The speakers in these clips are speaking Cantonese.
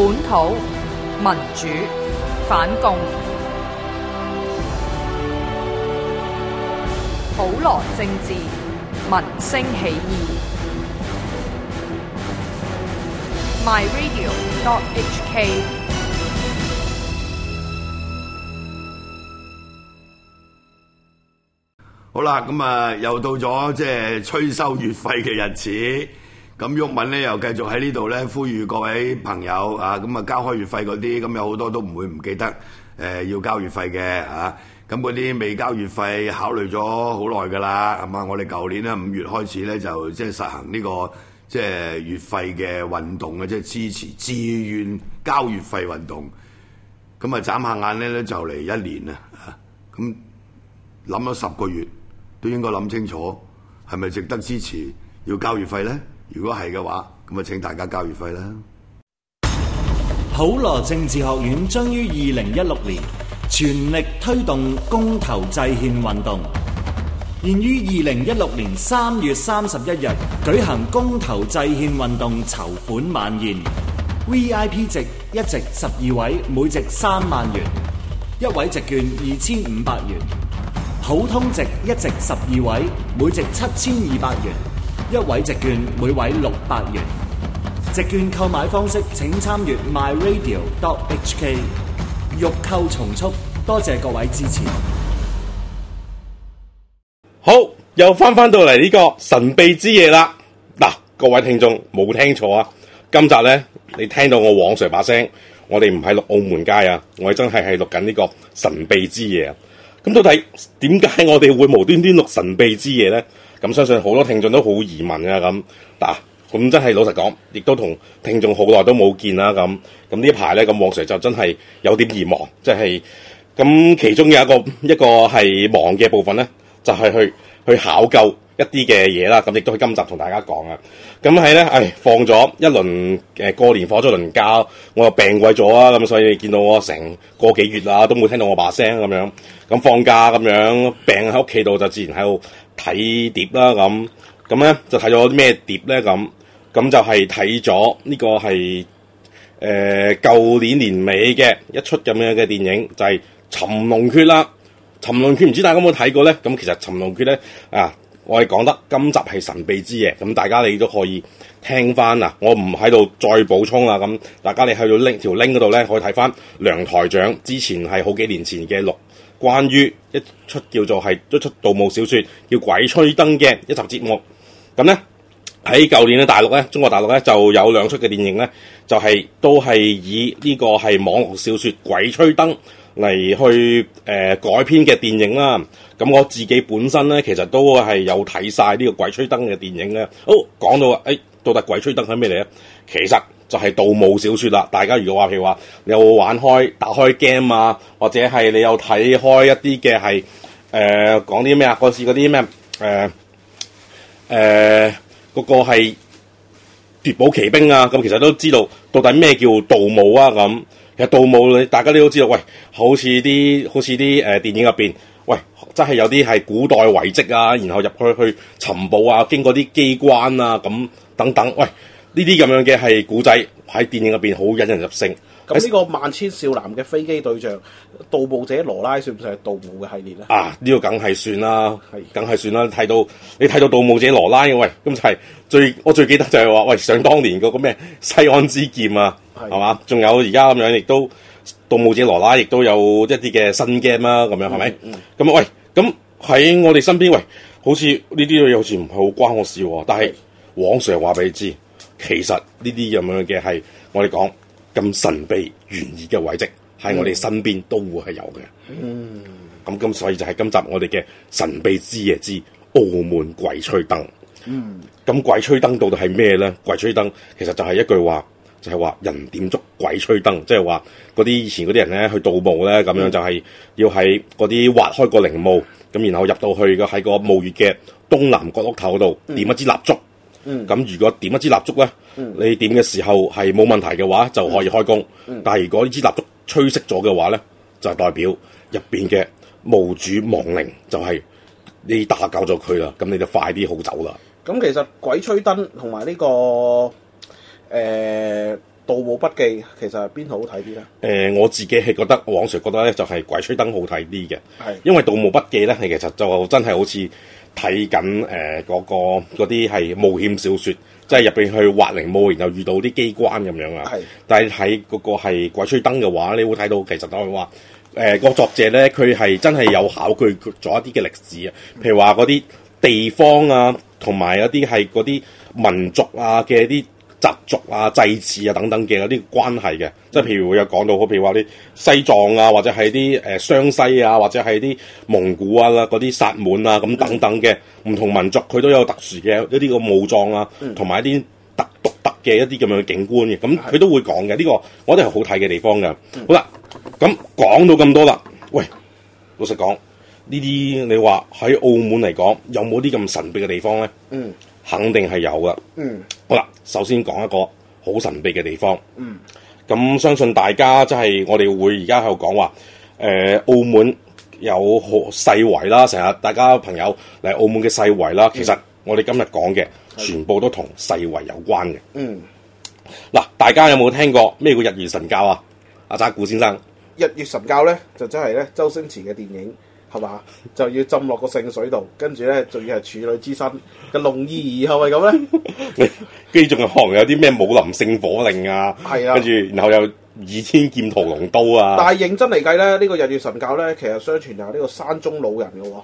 本土民主反共，普羅政治，民生起義。My Radio HK。好啦，咁啊，又到咗即係催收月費嘅日子。咁毓民咧又繼續喺呢度咧，呼籲各位朋友啊，咁啊交開月費嗰啲，咁有好多都唔會唔記得，誒要交月費嘅嚇。咁嗰啲未交月費，考慮咗好耐噶啦。咁啊，我哋舊年咧五月開始咧，就即係實行呢個即係月費嘅運動啊，即係支持自願交月費運動。咁啊，眨下眼咧咧就嚟一年啊。咁諗咗十個月，都應該諗清楚，係咪值得支持要交月費咧？如果係嘅話，咁啊，請大家交月費啦。普羅政治學院將於二零一六年全力推動公投制憲運動，現於二零一六年三月三十一日舉行公投制憲運動籌款晚宴。V I P 席一席十二位，每席三萬元；一位席券二千五百元。普通席一席十二位，每席七千二百元。一位席券每位六百元，席券購買方式請參閱 myradio.hk。欲購從速，多謝各位支持。好，又翻翻到嚟呢個神秘之夜啦。嗱、啊，各位聽眾冇聽錯啊，今集咧你聽到我黃 Sir 把聲，我哋唔係錄澳門街啊，我哋真係係錄緊呢個神秘之夜啊。咁到底點解我哋會無端端錄神秘之夜咧？咁相信好多聽眾都好疑問啊！咁嗱，咁真係老實講，亦都同聽眾好耐都冇見啦！咁咁呢排咧，咁黃 Sir 就真係有啲疑忙，即係咁其中有一個一個係忙嘅部分咧，就係、是、去去考究一啲嘅嘢啦。咁亦都去今集同大家講啊。咁係咧，誒放咗一輪誒、呃、過年放咗輪假，我又病鬼咗啊！咁所以見到我成個幾月啦都冇聽到我把聲咁樣。咁放假咁樣病喺屋企度就自然喺度。睇碟啦，咁咁咧就睇咗啲咩碟咧，咁咁就係睇咗呢個係誒舊年年尾嘅一出咁樣嘅電影，就係《尋龍訣》啦，《尋龍訣》唔知大家有冇睇過咧？咁其實《尋龍訣》呢咧啊，我係講得今集係神秘之夜，咁大家你都可以聽翻啊，我唔喺度再補充啦，咁大家你去到 link 條 link 嗰度咧，可以睇翻梁台長之前係好幾年前嘅錄。關於一出叫做係一出盜墓小說叫《鬼吹燈》嘅一集節目，咁呢喺舊年嘅大陸呢，中國大陸呢就有兩出嘅電影呢，就係、是、都係以呢個係網絡小說《鬼吹燈》嚟去誒、呃、改編嘅電影啦。咁我自己本身呢，其實都係有睇晒呢個《鬼吹燈》嘅電影講、哎、呢。好講到話，誒到底《鬼吹燈》係咩嚟呢？其實就係盜墓小說啦！大家如果話譬如話你有冇玩開打開 game 啊，或者係你有睇開一啲嘅係誒講啲咩啊？嗰時嗰啲咩誒誒嗰個係奪寶奇兵啊！咁其實都知道到底咩叫盜墓啊？咁其實盜墓你大家都都知道，喂，好似啲好似啲誒電影入面，喂，真係有啲係古代遺跡啊，然後入去去尋寶啊，經過啲機關啊，咁等等，喂。呢啲咁樣嘅係古仔喺電影入邊好引人入勝。咁呢個萬千少男嘅飛機對象《盜墓者羅拉》算唔算係盜墓嘅系列咧？啊，呢個梗係算啦，梗係算啦。睇到你睇到《盜墓者羅拉》嘅喂，咁就係最我最記得就係話喂，想當年嗰個咩《西安之劍》啊，係嘛？仲有而家咁樣，亦都《盜墓者羅拉》亦都有一啲嘅新 game 啦，啊，咁樣係咪？咁喂，咁喺我哋身邊喂，好似呢啲嘢好似唔係好關我事，啊，但係黃 Sir 話俾你知。其實呢啲咁樣嘅係我哋講咁神秘懸疑嘅遺跡，喺我哋身邊都會係有嘅。嗯，咁、嗯、所以就係今集我哋嘅神秘之夜之「澳門鬼吹燈」。嗯，咁鬼吹燈到底係咩咧？鬼吹燈其實就係一句話，就係、是、話人點燭鬼吹燈，即係話嗰啲以前嗰啲人咧去盜墓咧咁樣，就係要喺嗰啲挖開個陵墓，咁然後入到去嘅喺個墓穴嘅東南角落頭度點一支蠟燭。嗯。咁、嗯、如果點一支蠟燭咧，你點嘅時候係冇問題嘅話，就可以開工。嗯嗯、但係如果呢支蠟燭吹熄咗嘅話咧，就係代表入邊嘅墓主亡靈就係、是、你打攪咗佢啦。咁你就快啲好走啦。咁其實《鬼吹燈》同埋呢個誒《盜墓筆記》，其實邊、這個呃、好睇啲咧？誒、呃，我自己係覺得往常覺得咧，就係《鬼吹燈》好睇啲嘅，係因為《盜墓筆記》咧，其實就真係好似。睇緊誒嗰個嗰啲係冒險小說，即係入邊去挖陵墓，然後遇到啲機關咁樣啊。但係睇嗰個係鬼吹燈嘅話，你會睇到其實我話誒個作者咧，佢係真係有考據咗一啲嘅歷史啊，譬如話嗰啲地方啊，同埋一啲係嗰啲民族啊嘅一啲習俗啊、祭祀啊等等嘅嗰啲關係嘅，即係譬如會有講到，譬如話啲西藏啊，或者係啲誒湘西啊，或者係啲蒙古啊嗰啲薩滿啊咁等等嘅唔、嗯、同民族，佢都有特殊嘅一啲個武裝啊，同、嗯、埋一啲特獨特嘅一啲咁樣嘅景觀嘅，咁、嗯、佢都會講嘅。呢、這個我覺得係好睇嘅地方嘅、嗯。好啦，咁講到咁多啦，喂，老實講呢啲，你話喺澳門嚟講，有冇啲咁神秘嘅地方咧？嗯。肯定係有㗎。嗯，好啦，首先講一個好神秘嘅地方。嗯，咁相信大家即係、就是、我哋會而家喺度講話，誒、呃，澳門有世圍啦，成日大家朋友嚟澳門嘅世圍啦、嗯，其實我哋今日講嘅全部都同世圍有關嘅。嗯，嗱，大家有冇聽過咩叫日月神教啊？阿渣古先生，日月神教咧，就真係咧，周星馳嘅電影。係嘛，就要浸落個聖水度，跟住咧，仲要係處女之身嘅龍兒，係咪咁咧？跟住仲學有啲咩武林聖火令啊，係啊，跟住然後有倚天劍屠龍刀啊。但係認真嚟計咧，呢個日月神教咧，其實相傳又係呢個山中老人嘅喎。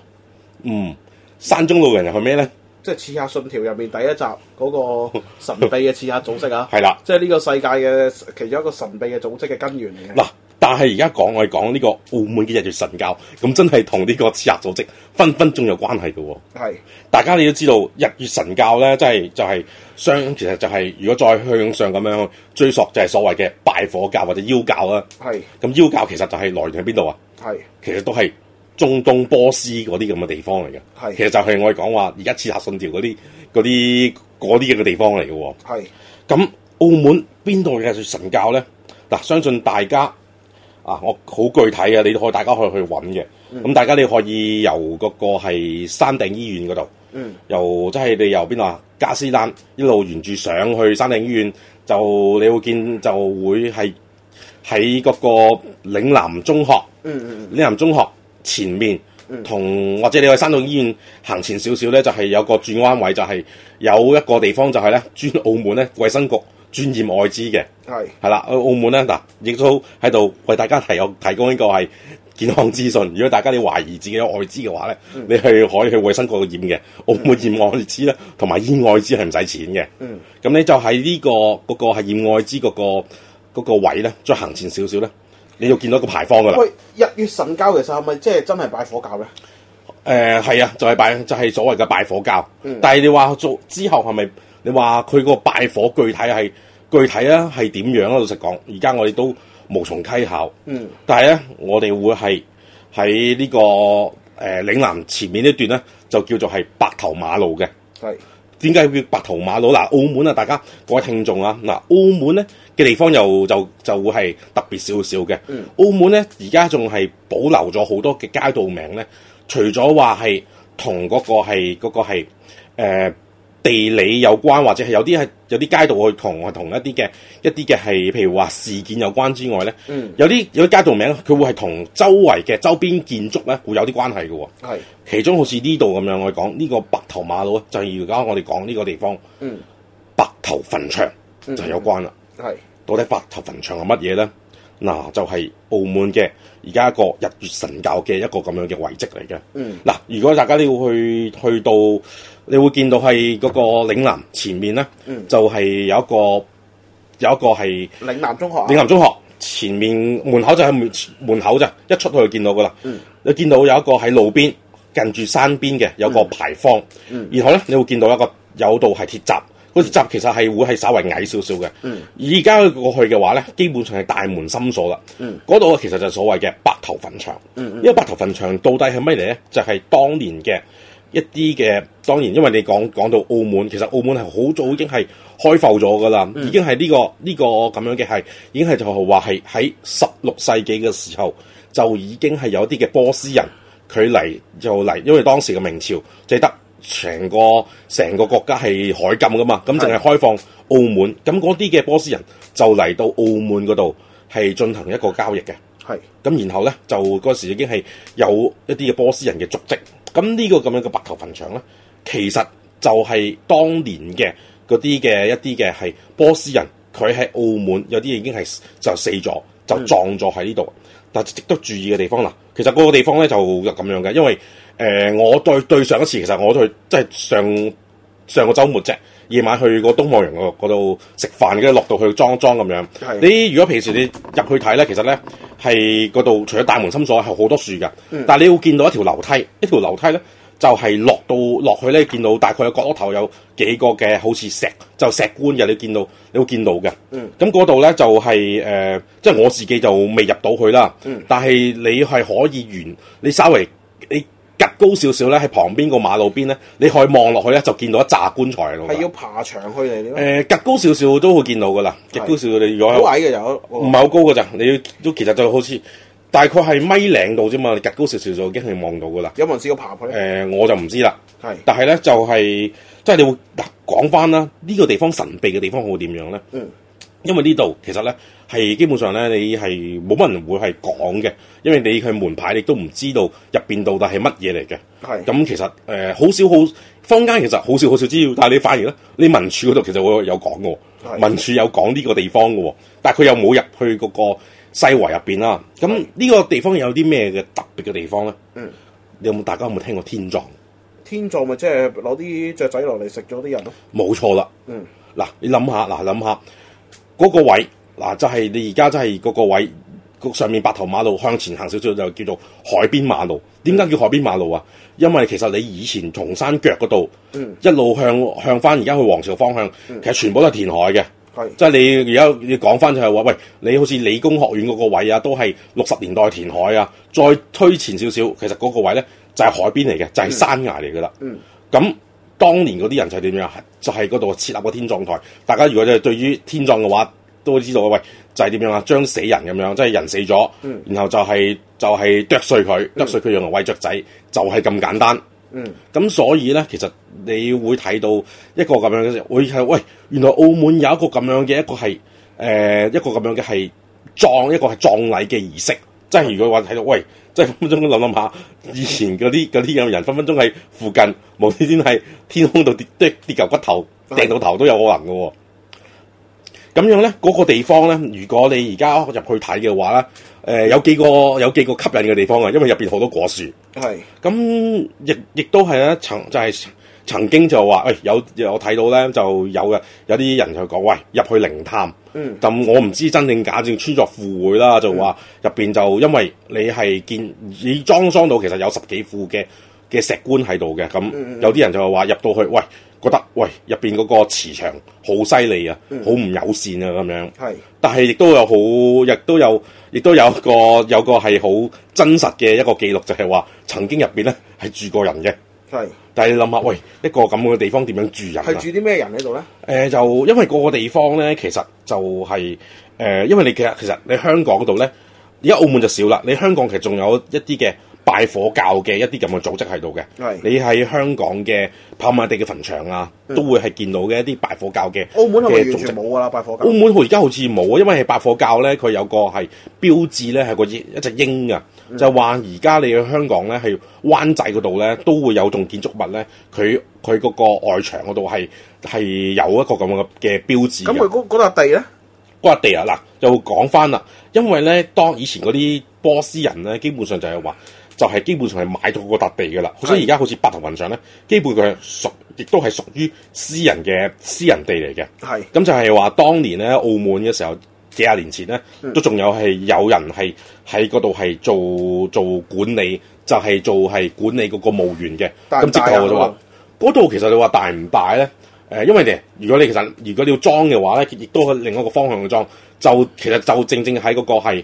嗯，山中老人又係咩咧？即係刺客信條入面第一集嗰個神秘嘅刺客組織啊。係 啦，即係呢個世界嘅其中一個神秘嘅組織嘅根源嚟嘅。嗱 但係而家講，我哋講呢個澳門嘅日月神教，咁真係同呢個刺客組織分分鐘有關係嘅、哦。係，大家你都知道日月神教咧，即係就係、是、相，其實就係、是、如果再向上咁樣追溯，就係所謂嘅拜火教或者妖教啦。係。咁妖教其實就係來源喺邊度啊？係，其實都係中東波斯嗰啲咁嘅地方嚟嘅。係，其實就係我哋講話而家刺客信條嗰啲啲啲嘅地方嚟嘅。係。咁澳門邊度嘅日月神教咧？嗱，相信大家。啊！我好具體嘅，你可以大家可以去揾嘅。咁、嗯、大家你可以由嗰個係山頂醫院嗰度、嗯，由即係、就是、你由邊度啊？加斯丹一路沿住上去山頂醫院，就你會見就會係喺嗰個嶺南中學，嶺、嗯嗯、南中學前面，嗯、同或者你去山頂醫院行前少少咧，就係、是、有個轉彎位，就係、是、有一個地方就係咧轉澳門咧衞生局。專業愛滋嘅係係啦，澳門咧嗱，亦都喺度為大家提我提供呢個係健康資訊。如果大家你懷疑自己有愛滋嘅話咧、嗯，你係可以去衞生局去驗嘅。澳門驗愛滋咧，同埋驗愛滋係唔使錢嘅。嗯，咁你就喺呢、這個嗰、那個係驗愛滋、那個嗰、那個位咧，再行前少少咧，你就見到一個牌坊噶啦。日月神教嘅時候，係咪即係真係拜火教咧？誒、呃、係啊，就係、是、拜就係、是、所謂嘅拜火教。嗯、但係你話做之後係咪？你話佢個拜火具體係？具體啊，係點樣啊？老實講，而家我哋都無從稽考。嗯，但係咧，我哋會係喺呢個誒嶺南前面呢段咧，就叫做係白頭馬路嘅。係點解叫白頭馬路嗱？澳門啊，大家各位聽眾啊，嗱，澳門咧嘅地方又就就會係特別少少嘅。嗯，澳門咧而家仲係保留咗好多嘅街道名咧，除咗話係同嗰個係嗰個係誒地理有關，或者係有啲有啲街道去同同一啲嘅一啲嘅譬如話事件有關之外咧、嗯，有啲有啲街道名佢會係同周圍嘅周邊建築咧會有啲關係嘅喎。係其中好似呢度咁樣，我講呢、這個白頭馬路就係而家我哋講呢個地方，嗯、白頭墳場就係有關啦、嗯。到底白頭墳場係乜嘢咧？嗱、啊，就係、是、澳門嘅而家一個日月神教嘅一個咁樣嘅遺跡嚟嘅。嗱、嗯啊，如果大家你要去去到，你會見到係嗰個嶺南前面咧、嗯，就係、是、有一個有一個係嶺南中學。嶺南中學前面門口就係門，門口咋，一出去就見到噶啦、嗯。你見到有一個喺路邊近住山邊嘅有個牌坊，嗯、然後咧你會見到一個有道係鐵閘。個集其實係會係稍微矮少少嘅。而家去過去嘅話咧，基本上係大門深鎖啦。嗰、嗯、度其實就係所謂嘅白頭墳場、嗯嗯。因為白頭墳場到底係咩嚟咧？就係、是、當年嘅一啲嘅，當然因為你講講到澳門，其實澳門係好早已經係開埠咗噶啦，已經係呢、這個呢、這個咁樣嘅，係已經係就話係喺十六世紀嘅時候就已經係有啲嘅波斯人佢嚟就嚟，因為當時嘅明朝就得。成個成個國家係海禁噶嘛，咁淨係開放澳門，咁嗰啲嘅波斯人就嚟到澳門嗰度係進行一個交易嘅，咁然後咧就嗰時已經係有一啲嘅波斯人嘅足跡，咁呢個咁樣嘅白頭墳場咧，其實就係當年嘅嗰啲嘅一啲嘅係波斯人，佢喺澳門有啲已經係就死咗就撞咗喺呢度，但係值得注意嘅地方啦，其實嗰個地方咧就咁樣嘅，因為。誒、呃，我對對上一次其實我去，即係上上個周末啫，夜晚去個東望洋嗰度食飯嘅，落到去裝裝咁樣。你如果平時你入去睇咧，其實咧係嗰度，除咗大門深鎖，係好多樹嘅、嗯。但係你會見到一條樓梯，一條樓梯咧就係、是、落到落去咧，你見到大概有角落頭有幾個嘅好似石，就是、石棺嘅，你見到，你會見到嘅。咁嗰度咧就係、是、誒、呃，即係我自己就未入到去啦。但係你係可以完，你稍微你。格高少少咧，喺旁邊個馬路邊咧，你可以望落去咧，就見到一扎棺材嚟咯。係要爬牆去嚟？誒、隔、呃、高少少都會見到噶啦，隔高少少你如果好矮嘅又，唔係好高噶咋？你要都其實就好似大概係米零度啫嘛，你隔高少少就已經係望到噶啦。有冇人試過爬去？誒、呃，我就唔知啦。係，但係咧就係、是、即係你會嗱講翻啦，呢、這個地方神秘嘅地方會點樣咧？嗯，因為呢度其實咧。係基本上咧，你係冇乜人會係講嘅，因為你去門牌你不、呃你，你都唔知道入邊到底係乜嘢嚟嘅。係咁，其實誒好少好坊間，其實好少好少知，但係你發現咧，你民署嗰度其實會有講嘅，民署有講呢個地方嘅，但係佢又冇入去嗰個西圍入邊啦。咁呢個地方有啲咩嘅特別嘅地方咧？嗯，你有有，有冇大家有冇聽過天葬？天葬咪即係攞啲雀仔落嚟食咗啲人咯？冇錯了、嗯、啦。嗯，嗱你諗下，嗱諗下嗰、嗰個位。嗱、啊，就係、是、你而家真係嗰個位，上面白頭馬路向前行少少就叫做海邊馬路。點解叫海邊馬路啊？因為其實你以前從山腳嗰度一路向向翻而家去皇朝方向、嗯，其實全部都係填海嘅。係即係你而家你講翻就係、是、話，喂，你好似理工學院嗰個位啊，都係六十年代填海啊。再推前少少，其實嗰個位咧就係海邊嚟嘅，就係、是就是、山崖嚟噶啦。嗯，咁、嗯、當年嗰啲人就點樣？就係嗰度設立個天葬台。大家如果就係對於天葬嘅話，都知道喂，就係、是、點樣啊？將死人咁樣，即係人死咗、嗯，然後就係、是、就係、是、剁碎佢，剁碎佢用嚟餵雀仔，就係、是、咁簡單。咁、嗯、所以咧，其實你會睇到一個咁樣嘅，會到，喂，原來澳門有一個咁樣嘅一個係、呃、一個咁樣嘅係葬一個係葬禮嘅儀式。即係如果話睇到喂，即係分分鐘諗諗下，以前嗰啲嗰啲咁嘅人，分分鐘係附近無端端係天空度跌跌跌嚿骨頭，掟到頭都有可能嘅喎、哦。咁樣咧，嗰、那個地方咧，如果你而家入去睇嘅話咧，誒、呃、有幾個有幾個吸引嘅地方啊，因為入面好多果樹。係。咁亦亦都係咧，曾就係、是、曾經就話，誒、哎、有我睇到咧就有嘅，有啲人就講，喂，入去靈探。嗯。咁我唔知真定假，仲、嗯、穿鑿附會啦，就話入、嗯、面就因為你係見你裝裝到其實有十幾副嘅嘅石棺喺度嘅，咁、嗯、有啲人就話話入到去，喂。覺得喂，入面嗰個磁場好犀利啊，好、嗯、唔友善啊咁樣。係，但係亦都有好，亦都有，亦都有個 有個係好真實嘅一個記錄，就係、是、話曾經入面咧係住過人嘅。係，但係你諗下，喂一個咁嘅地方點樣住人？係住啲咩人喺度咧？誒、呃，就因為個個地方咧，其實就係、是、誒、呃，因為你其實其實你香港度咧，而家澳門就少啦。你香港其實仲有一啲嘅。拜火教嘅一啲咁嘅組織喺度嘅，你喺香港嘅跑馬地嘅墳場啊、嗯，都會係見到嘅一啲拜火教嘅澳門嘅組織。冇啊啦，拜火教。澳門佢而家好似冇啊，因為係拜火教咧，佢有個係標誌咧，係個一隻鷹㗎。就話而家你去香港咧，係灣仔嗰度咧，都會有棟建築物咧，佢佢嗰個外牆嗰度係係有一個咁嘅嘅標誌。咁佢嗰嗰笪地咧？嗰笪地啊，嗱，又講翻啦，因為咧，當以前嗰啲波斯人咧，基本上就係話。就係、是、基本上係買到個笪地嘅啦，所以而家好似八頭雲上咧，基本佢亦都係屬於私人嘅私人地嚟嘅。咁就係話當年咧，澳門嘅時候，幾廿年前咧，都仲有係有人係喺嗰度係做做管理，就係、是、做係管理嗰個墓園嘅。咁即係話嗰度其實你話大唔大咧？誒，因為你如果你其實如果你要裝嘅話咧，亦都係另外一個方向去裝。就其實就正正喺嗰個係。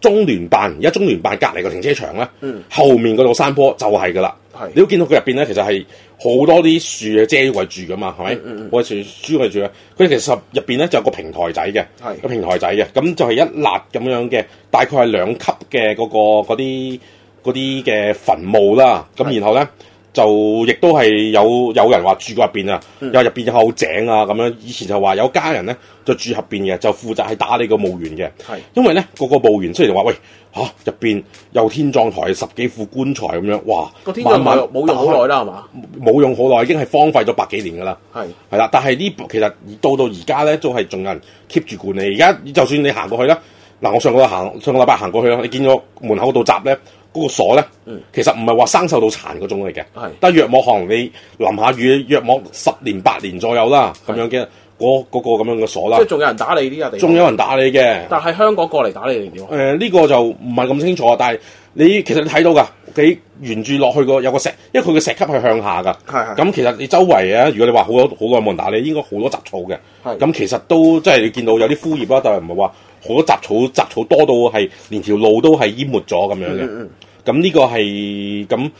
中聯辦而家中聯辦隔離個停車場咧、嗯，後面嗰度山坡就係噶啦。你都見到佢入邊咧，其實係好多啲樹嘅遮蓋住噶嘛，係、嗯、咪？好多樹遮蓋住咧。佢其實入邊咧就有一個平台仔嘅，個平台仔嘅，咁就係一立咁樣嘅，大概係兩級嘅嗰啲嗰啲嘅墳墓啦。咁然後咧。就亦都係有有人話住過入面，嗯、面啊，又入邊又係好井啊咁樣。以前就話有家人咧就住入邊嘅，就負責係打理個墓園嘅。因為咧個個墓園雖然就話喂嚇入、啊、面有天葬台十幾副棺材咁樣，哇！個天葬台冇用好耐啦，係嘛？冇用好耐，已經係荒廢咗百幾年噶啦。係係啦，但係呢其實到到而家咧都係仲有人 keep 住管理。而家就算你行過去啦嗱、啊，我上個行上個禮拜行過去啦，你見咗門口度閘咧。嗰、那個鎖咧、嗯，其實唔係話生鏽到殘嗰種嚟嘅，但約莫可能你淋下雨，約莫十年八年左右啦咁、那個那個、樣嘅、那個、那個咁樣嘅鎖啦。即係仲有人打理呢個地方？仲有人打理嘅？但係香港過嚟打理你點啊？誒呢、呃這個就唔係咁清楚，但係你其實你睇到㗎，你沿住落去個有個石，因為佢嘅石級係向下㗎，咁其實你周圍啊，如果你話好多好耐冇人打理，應該好多雜草嘅，咁其實都即係、就是、你見到有啲枯葉啦，但係唔係話。好多雜草，雜草多到係連條路都係淹沒咗咁樣嘅。咁呢個係咁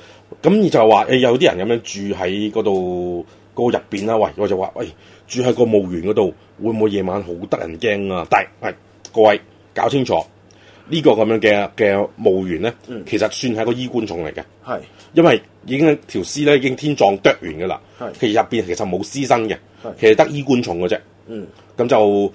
咁就話話，誒有啲人咁樣住喺嗰度個入邊啦。喂，我就話，喂住喺個墓園嗰度，會唔會夜晚好得人驚啊？但係各位搞清楚、這個、這呢個咁樣嘅嘅墓園咧，其實算係個衣冠塚嚟嘅。係、嗯、因為已經條屍咧已經天葬剁完㗎啦、嗯。其實入面其實冇屍身嘅，其實得衣冠塚嘅啫。嗯。咁就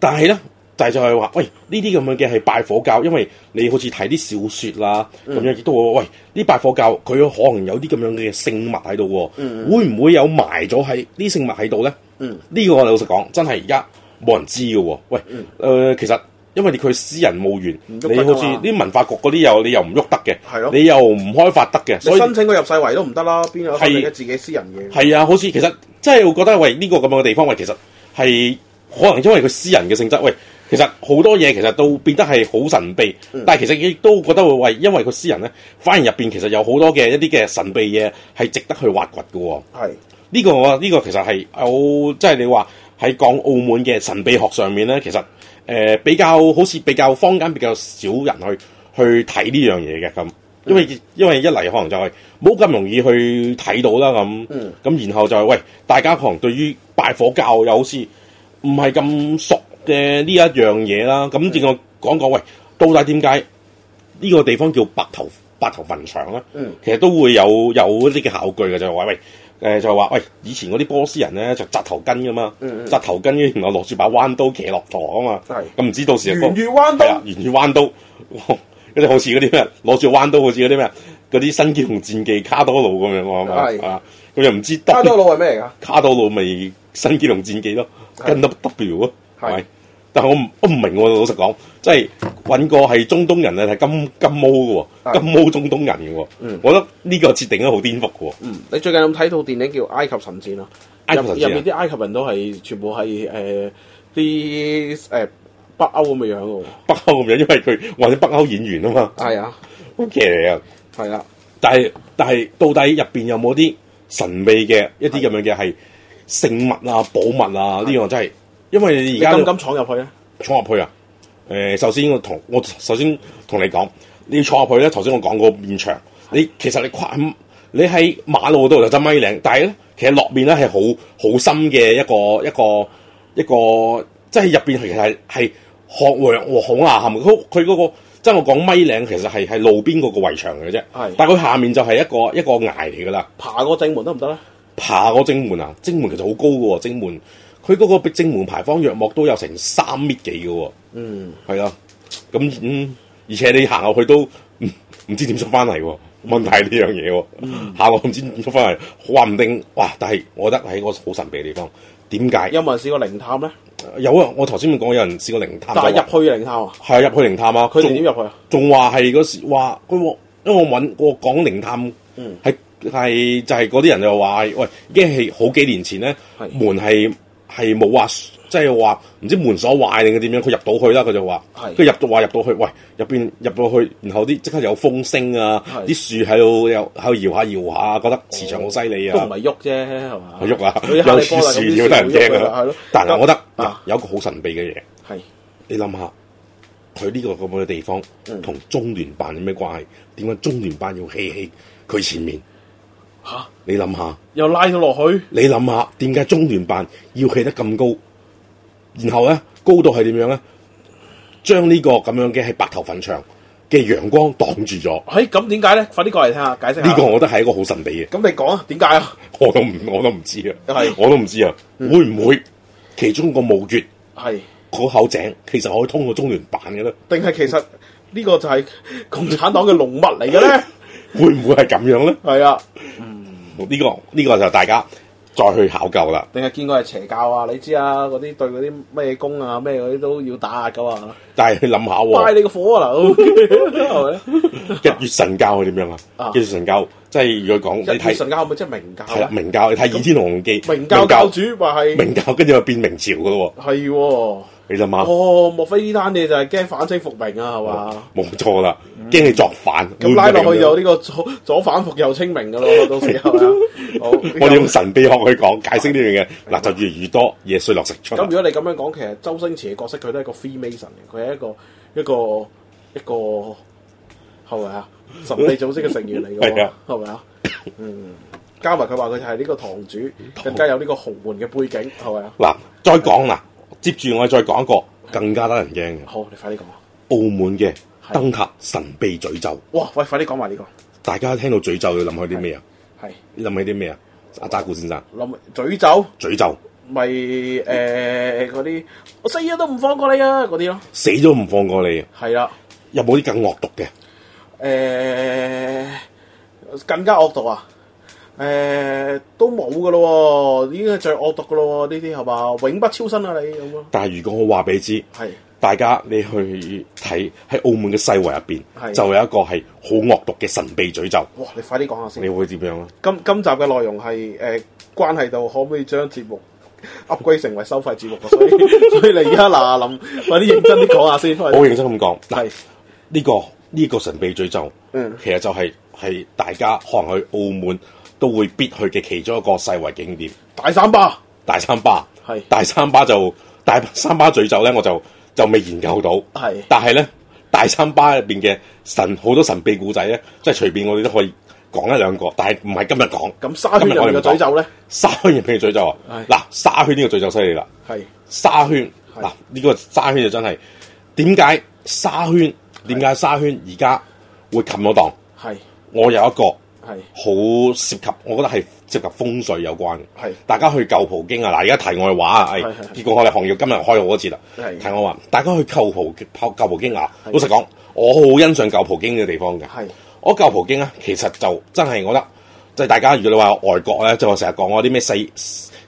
但係咧。就係就係話，喂，呢啲咁樣嘅係拜火教，因為你好似睇啲小説啦，咁、嗯、樣亦都會，喂，呢拜火教佢可能有啲咁樣嘅聖物喺度喎，會唔會有埋咗喺啲聖物喺度咧？呢、嗯呢個我哋老實講，真係而家冇人知嘅喎，喂，誒、嗯呃，其實因為佢私人墓園、啊，你好似啲文化局嗰啲又你又唔喐得嘅，你又唔開發得嘅，所以你申請佢入世圍都唔得啦，邊有得申請自己私人嘅？係啊，好似其實真係我覺得，喂，呢、呢個咁樣嘅地方，喂，其實係可能因為佢私人嘅性質，喂。其實好多嘢，其實都變得係好神秘，嗯、但係其實亦都覺得喂、哎，因為佢私人咧，反而入邊其實有好多嘅一啲嘅神秘嘢係值得去挖掘噶、哦。係呢、呢個我呢、呢個其實係有即係你話喺講澳門嘅神秘學上面咧，其實誒、呃、比較好似比較坊間比較少人去去睇呢樣嘢嘅咁，因為、嗯、因為一嚟可能就係冇咁容易去睇到啦咁，咁、嗯、然後就係、是、喂大家可能對於拜火教又好似唔係咁熟。嘅呢一樣嘢啦，咁正我講講，喂，到底點解呢個地方叫白頭白頭墳場咧？其實都會有有啲嘅考據嘅，就係話喂，誒、呃，就係話喂，以前嗰啲波斯人咧就紮頭巾噶嘛，嗯嗯，紮頭巾，跟住然後攞住把彎刀騎駱駝啊嘛，咁唔知道到時係啊，圓月彎刀，圓月彎刀，嗰啲好似嗰啲咩，攞住彎刀好似嗰啲咩，嗰啲《新機動戰記》卡多魯咁樣啊嘛，咁又唔知得。卡多魯係咩嚟㗎？卡多魯咪《新機動戰記》咯，跟得 W 咯，係。但我唔我唔明喎、啊，老實講，即係揾個係中東人咧，係金金毛嘅喎，金毛中東人嘅喎、嗯，我覺得呢個設定都好顛覆嘅喎。嗯，你最近有冇睇套電影叫埃及神戰、啊《埃及神戰》啊？入入面啲埃及人都係全部係誒啲誒北歐咁嘅樣喎，北歐咁樣的歐，因為佢或者北歐演員啊嘛。係啊，好騎呢啊！係啊，但係但係到底入邊有冇啲神秘嘅一啲咁樣嘅係聖物啊寶物啊？呢個、啊、真係～因為你而家咁咁敢闖入去咧？闖入去啊！誒、呃，首先我同我首先同你講，你要闖入去咧。頭先我講嗰面牆，你其實你跨，你喺馬路度就真米零，但係咧，其實落面咧係好好深嘅一個一個一個，即係入邊其實係河岳河孔啊，係咪？佢佢嗰個，即係我講米零，其實係係路邊嗰個圍牆嚟嘅啫。係，但係佢下面就係一個一個崖嚟噶啦。爬個正門得唔得咧？爬個正門啊？正門其實好高噶，正門。佢嗰個正門牌坊約莫都有成三米幾㗎喎，嗯，係啊，咁嗯，而且你行落去都唔、嗯、知點出返嚟喎，問題呢樣嘢喎，嗯、下落唔知點出返嚟，話唔定哇！但係我覺得喺個好神秘嘅地方，點解？有冇人試過靈探呢？有啊！我頭先咪講，有人試過靈探，但係入去嘅靈探、啊、探啊，係啊，入去靈探啊，佢點入去啊？仲話係嗰時話佢，因為我揾過講靈探，係、嗯、係就係嗰啲人就話喂，已經係好幾年前呢，門係。係冇話，即係話唔知門鎖壞定係點樣，佢入到去啦。佢就話，佢入到話入到去，喂，入邊入到去，然後啲即刻有風聲啊，啲樹喺度又喺度搖下搖下，覺得磁場好犀利啊，哦、都唔係喐啫，係嘛？喐啊，有樹要搖得人驚啊。但係我覺得有、啊、有一個好神秘嘅嘢。你諗下，佢呢個咁嘅地方同、嗯、中聯辦有咩關係？點解中聯辦要企喺佢前面？吓、啊，你諗下，又拉咗落去。你諗下，點解中聯辦要起得咁高？然後咧，高度係點樣咧？將呢、這個咁樣嘅係白頭粉牆嘅陽光擋住咗。誒、欸，咁點解咧？快啲過嚟聽下解釋。呢、這個我覺得係一個好神秘嘅。咁你講啊？點解啊？我都唔，我都唔知啊。係，我都唔知啊、嗯。會唔會其中個墓穴係口井？其實可以通過中聯辦嘅咧？定係其實呢個就係共產黨嘅龍脈嚟嘅咧？ 會唔會係咁樣咧？係啊。呢、這個呢、這個就大家再去考究啦。定係見過係邪教啊？你知啊，嗰啲對嗰啲咩嘢功啊咩嗰啲都要打壓噶啊，但係你諗下喎，拜你個火樓、啊。之後日月神教係點樣啊？日月神教即係如果講，日月神教係咪即係明教？係明教，你睇《倚天屠龍記》，明教教主話係明教，跟住又變明朝噶喎。係、哦。你隻貓哦，莫非呢單嘢就係驚反清復明啊，係嘛？冇錯啦，驚你作反。咁拉落去又呢個左左反復右清明噶咯，到時係咪啊？好，我哋用神秘學去講解釋呢樣嘢。嗱，就越嚟越多嘢衰落成出。咁如果你咁樣講，其實周星馳嘅角色佢都係一個 free mason，佢係一個一個一個係咪啊神秘組織嘅成員嚟嘅係咪啊？嗯，加埋佢話佢係呢個堂主，更加有呢個洪門嘅背景，係咪啊？嗱，再講嗱。接住我哋再講一個更加得人驚嘅，好，你快啲講。澳門嘅燈塔神秘詛咒，哇！喂，快啲講埋呢個。大家聽到詛咒，要諗起啲咩啊？係，你諗起啲咩啊？阿渣古先生。諗詛咒？詛咒？咪誒嗰啲，我死咗都唔放過你啊！嗰啲咯。死咗都唔放過你。係啦。有冇啲更惡毒嘅？誒、呃，更加惡毒啊！誒都冇喎，咯，已經係最惡毒喇咯，呢啲係嘛？永不超生啊！你咁啊。但係如果我話俾你知，大家你去睇喺澳門嘅世圍入面，就有一個係好惡毒嘅神秘詛咒。哇！你快啲講下先。你會點樣咧？今今集嘅內容係誒、呃、關係到可唔可以將節目 upgrade 成為收費節目啊？所以， 所以所以你而家嗱諗，快啲認真啲講下先。我認真咁講。係呢、這個呢、這個神秘詛咒，嗯，其實就係、是、係大家可能去澳門。都會必去嘅其中一個世遺景點。大三巴，大三巴，係大三巴就大三巴咀咒咧，我就就未研究到。係，但係咧大三巴入邊嘅神好多神秘古仔咧，即係隨便我哋都可以講一兩個。但係唔係今日講。咁沙圈嘅咀咒咧？沙圈入邊嘅咀咒啊！嗱，沙圈呢個咀咒犀利啦。係沙圈嗱，呢個沙圈就真係點解沙圈？點解沙圈而家會冚咗檔？係我有一個。係好涉及，我覺得係涉及風水有關嘅。大家去舊葡京啊！嗱，而家題外話啊！結果我哋行業今日開咗好多次啦。題外話，大家去舊葡京啊，啊！老實講，我好欣賞舊葡京嘅地方嘅。我舊葡京啊，其實就真係我覺得，即係大家如果你話外國咧，即係我成日講嗰啲咩世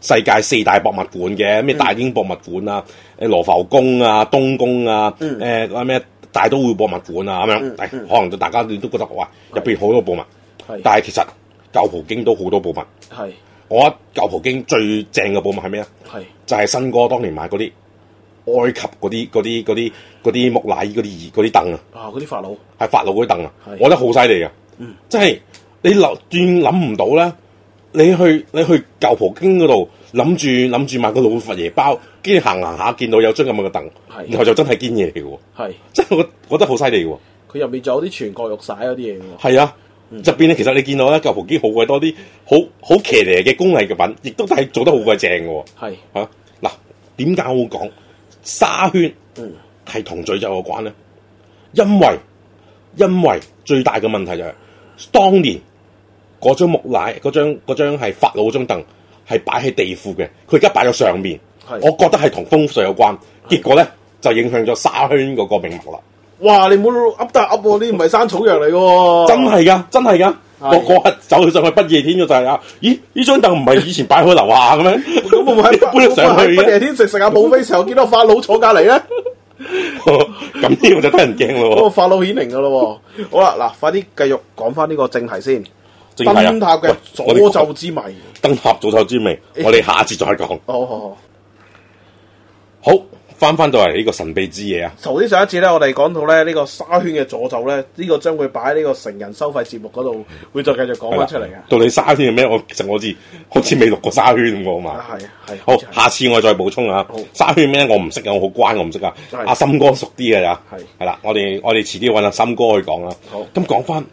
世界四大博物館嘅，咩大英博物館啊、羅、嗯啊、浮宮啊、東宮啊、咩、嗯呃、大都會博物館啊咁、嗯嗯哎、可能就大家你都覺得哇，入邊好多博物。係，但係其實舊葡京都好多寶物。係，我覺得舊葡京最正嘅寶物係咩啊？係，就係新哥當年買嗰啲埃及嗰啲啲啲啲木乃伊嗰啲椅嗰啲凳啊。啊，嗰啲法老係法老嗰啲凳啊。我覺得好犀利啊。即、就是哦嗯、真係你諗，斷諗唔到咧。你去你去舊葡京嗰度諗住諗住買個老佛爺包，跟住行行下見到有張咁嘅凳，然後就真係堅嘢嚟嘅。係，真係我我覺得好犀利嘅。佢入面仲有啲全骨肉洗嗰啲嘢係啊。入邊咧，其實你見到咧，舊部機好鬼多啲，好好騎呢嘅工藝嘅品，亦都係做得好鬼正喎。係吓嗱，點解我會講沙圈係同詛咒有關咧？因為因為最大嘅問題就係、是、當年嗰張木乃嗰張嗰張係法老嗰張凳係擺喺地庫嘅，佢而家擺咗上面，我覺得係同風水有關，結果咧就影響咗沙圈嗰個命途啦。哇！你唔好噏得噏喎，呢啲唔係生草藥嚟嘅。真係噶，真係噶！我嗰、那個、日走去上去不夜天就係、是、啊，咦？呢張凳唔係以前擺喺樓下嘅咩？咁會唔會喺搬上去嘅？ 不，不夜天食食下 buffet 時候，見到法老坐隔籬咧。咁呢個就得人驚咯、 哦。法老顯明嘅咯。 好啦，嗱，快啲繼續講翻呢個正題先。燈塔嘅詛咒之謎。燈塔詛咒之謎，我哋 下一次再講。好 好。好。好好翻翻到嚟呢個神秘之夜啊！頭先上一次咧，我哋講到咧呢個沙圈嘅詛咒咧，呢個將會擺喺呢個成人收費節目嗰度，會再繼續講翻出嚟啊！到底沙圈係咩？我其實我知，好似未錄過沙圈咁好嘛？係啊，係。好，好，下次我再補充啊！沙圈咩？我唔識啊，我好乖我唔識啊。阿森哥熟啲嘅呀，係。係啦，我哋我哋遲啲搵阿森哥去講啊。好。咁講翻。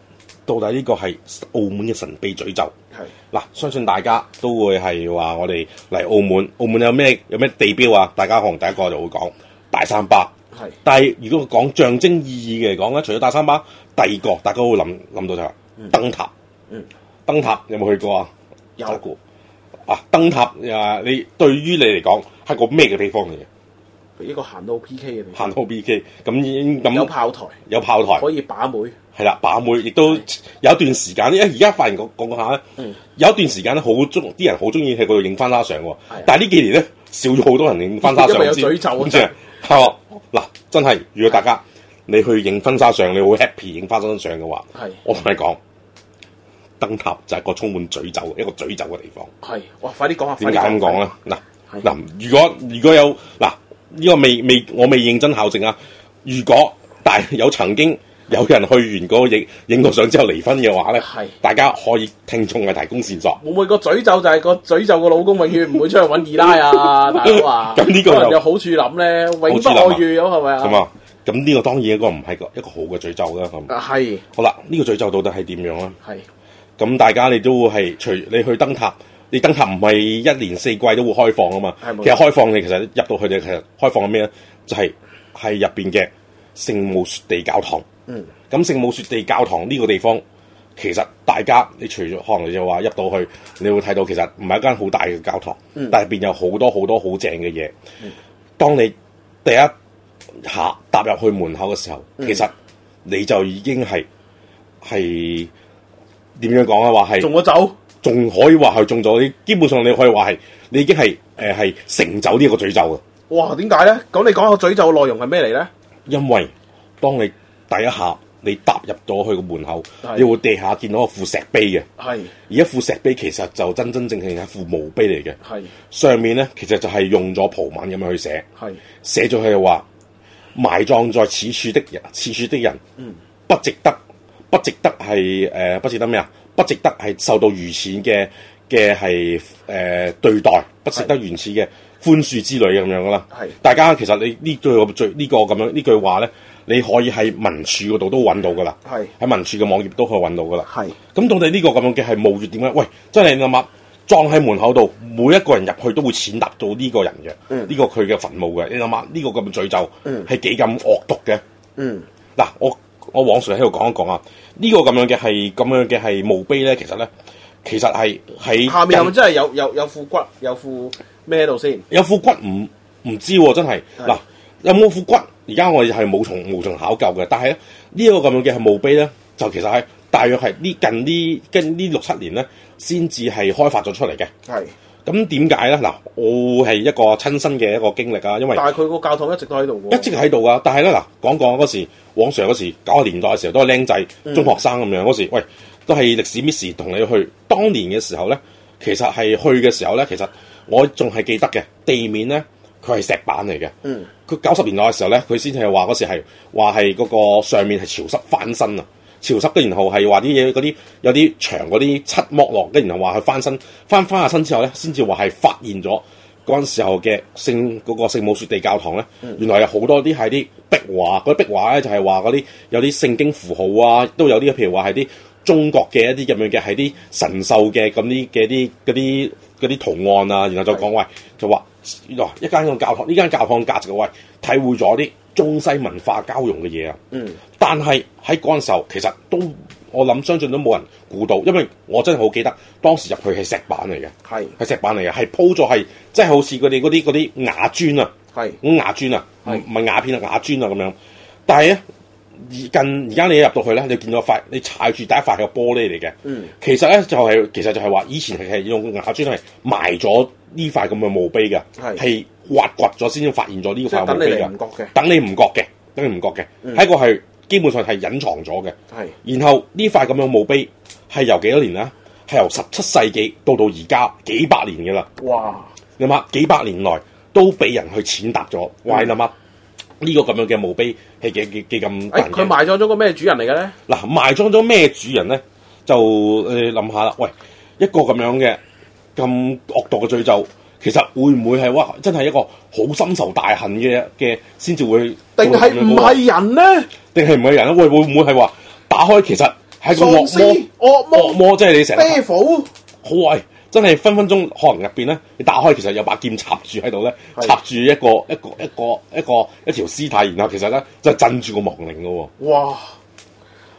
到底呢個係澳門嘅神秘詛咒？係嗱，相信大家都會係話我哋嚟澳門，澳門有咩有咩地標啊？大家可能第一個就會講大三巴。係，但係如果講象徵意義嘅嚟講咧，除咗大三巴，第二個大家都會諗諗到就係燈塔，嗯。嗯，燈塔有冇去過啊？有啊，燈塔啊，你對於你嚟講係個咩嘅地方嚟嘅？畀一個行到 P K 嘅地方。行到 P K，咁咁有炮台，有炮台，有炮台可以把妹。係啦，把妹亦都有一段時間咧。而家發現個講下咧、嗯，有一段時間咧好中，啲人好中意喺嗰度影婚紗相喎。但係呢幾年咧，少咗好多人影婚紗相，唔知唔知係喎，嗱，真係如果大家你去影婚紗相，你好 happy 影婚紗相嘅話，係我同你講，燈塔就係個充滿詛咒，一個詛咒嘅地方。係哇，快啲講下，點解咁講咧？嗱嗱、啊，如果如果有嗱。啊呢、這個未未我未認真考證啊！如果但係有曾經有人去完個影影個相之後離婚嘅話咧，大家可以聽眾嚟提供線索。會唔會個詛咒就係個詛咒個老公永遠唔會出去揾二奶啊？大佬啊！咁呢個有，可能有好處諗咧， 永不外遇咯，係咪啊？咁啊，咁呢個當然一個唔係一個好嘅詛咒啦、啊。係。好啦，呢、這個詛咒到底係點樣啊？係。咁大家你都會係，除你去燈塔。你燈塔唔係一年四季都會開放啊嘛，其實開放你其實入到去你其實開放咩咧？就係係入邊嘅聖母雪地教堂。嗯，咁聖母雪地教堂呢個地方其實大家你除咗可能就話入到去，你會睇到其實唔係一間好大嘅教堂，嗯、但係入邊有好多好多好正嘅嘢。當你第一下踏入去門口嘅時候，其實你就已經係係點樣講啊？話係送我走。仲可以話係中咗，你基本上你可以話係你已經係誒係成就呢個詛咒嘅。哇，點解咧？咁你講個詛咒內容係咩嚟咧？因為當你第一下你踏入咗去個門口，你會地下見到個副石碑嘅。係而一副石碑其實就真真正正係一副墓碑嚟嘅。係上面咧其實就係用咗葡文咁樣去寫。係寫咗佢話埋葬在此處的人，此處的人，嗯，不值得，不值得係誒、呃，不值得咩啊？不值得係受到原始嘅嘅係誒對待，不值得原始嘅寬恕之類咁樣噶啦。係大家其實你呢句最呢個咁樣呢句話咧、這個這個這個，你可以喺民署嗰度都揾到噶啦。係喺民署嘅網頁都可以揾到噶啦。係咁到底呢個咁樣嘅係冒著點咧？喂，真係你諗下，裝喺門口度，每一個人入去都會踐踏到呢個人嘅呢個佢嘅墳墓嘅。你諗下呢個咁嘅罪咒係幾咁惡毒嘅？嗯，嗱、這個這個嗯嗯啊、我。我往常喺度講一講啊，呢個咁樣嘅係咁樣嘅係墓碑咧，其實咧，其實係喺下面係咪真係有有有副骨有副咩喺度先？有副骨唔唔知真係嗱，有冇副，副骨？而家，啊、我哋係冇從無從考究嘅，但係呢個咁樣嘅係墓碑咧，就其實係大約係呢近呢跟呢六七年咧，先至係開發咗出嚟嘅。係。咁點解咧？嗱，我係一個親身嘅一個經歷啊，因為但係佢個教堂一直都喺度喎，一直喺度啊！但係咧嗱，講講嗰時，往常嗰時九十年代嘅時候都係僆仔中學生咁樣嗰時，喂，都係歷史 miss 同你去。當年嘅時候咧，其實係去嘅時候咧，其實我仲係記得嘅地面咧，佢係石板嚟嘅。嗯，佢九十年代嘅時候咧，佢先至係話嗰時係話係嗰個上面係潮濕翻身啊。潮濕嘅，然後係話啲嘢嗰啲有啲牆嗰啲漆剝落，跟然後話佢翻新。翻翻下新之後咧，先至話係發現咗嗰陣時候嘅聖嗰個聖母雪地教堂咧，原來有好多啲係啲壁畫，嗰啲壁畫咧就係話嗰啲有啲聖經符號啊，都有啲譬如話係啲中國嘅一啲咁樣嘅係啲神獸嘅咁啲嘅啲啲啲圖案啊，然後就講喂，就話嗱，一間教堂呢間教堂價值喂，體會咗啲。中西文化交融嘅嘢啊，但係喺嗰陣時候，其實都我諗相信都冇人估到，因為我真係好記得當時入去係石板嚟嘅，係石板嚟嘅，係鋪咗係即係好似佢哋嗰啲嗰啲瓦磚啊，係咁瓦磚啊，唔唔係瓦片啊，瓦磚啊咁樣。但係咧，近而家你入到去咧，你見到塊你踩住第一塊係個玻璃嚟嘅、嗯，其實咧就係、是、其實就係話以前係係用瓦磚係埋咗呢塊咁嘅墓碑嘅，係。挖掘咗先至發現咗呢塊墓碑啊！等你唔覺嘅，等你唔覺嘅，係、嗯、個係基本上係隱藏咗嘅。係。然後呢塊咁樣墓碑係由幾多年啊？係由十七世紀到到而家幾百年嘅啦。哇！你諗下幾百年來都俾人去踐踏咗，喂，諗下，呢、這個咁樣嘅墓碑係幾幾幾咁誒？佢、哎、埋葬咗個咩主人嚟嘅咧？嗱，埋葬咗咩主人咧？就你諗下啦，喂，一個咁樣嘅咁惡毒嘅詛咒。其實會唔會係哇？真係一個好深仇大恨嘅嘅，先至會。定係唔係人咧？定係唔係人？喂，會唔會係話打開？其實係個惡魔，惡魔，惡魔即係你成日好喂、欸，真係分分鐘可能入邊咧，你打開其實有把劍插住喺度咧，插住一個一個一個一個一條屍體，然後其實咧就震住個亡靈咯。哇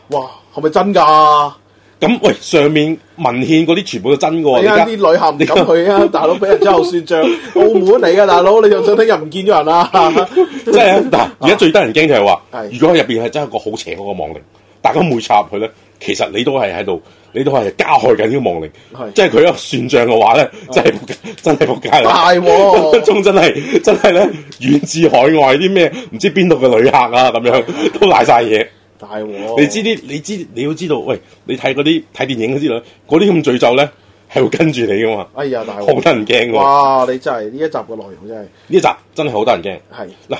哇，係咪真噶？咁喂，上面文獻嗰啲全部都真㗎喎！而家啲旅客唔敢去 啊，大佬俾人之後算賬，澳門嚟㗎大佬，你又想聽又唔見咗人啦，啊！ 真係嗱，而家最得人驚就係話，如果入面係真係個好邪惡嘅亡靈，大家每插入去咧，其實你都係喺度，你都係加害緊呢個亡靈，即係佢一個算賬嘅話咧，真係、嗯、真係仆街大喎，中 真係真係咧 遠至海外啲咩唔知邊度嘅旅客啊，咁樣都賴晒嘢。大鑊！你知啲，你知,你,知你要知道，喂，你睇嗰啲睇電影嗰啲嗰啲咁詛咒咧，係會跟住你噶嘛？哎呀，大鑊！好得人驚！哇，你真係呢一集嘅內容真係呢一集真係好得人驚。係嗱，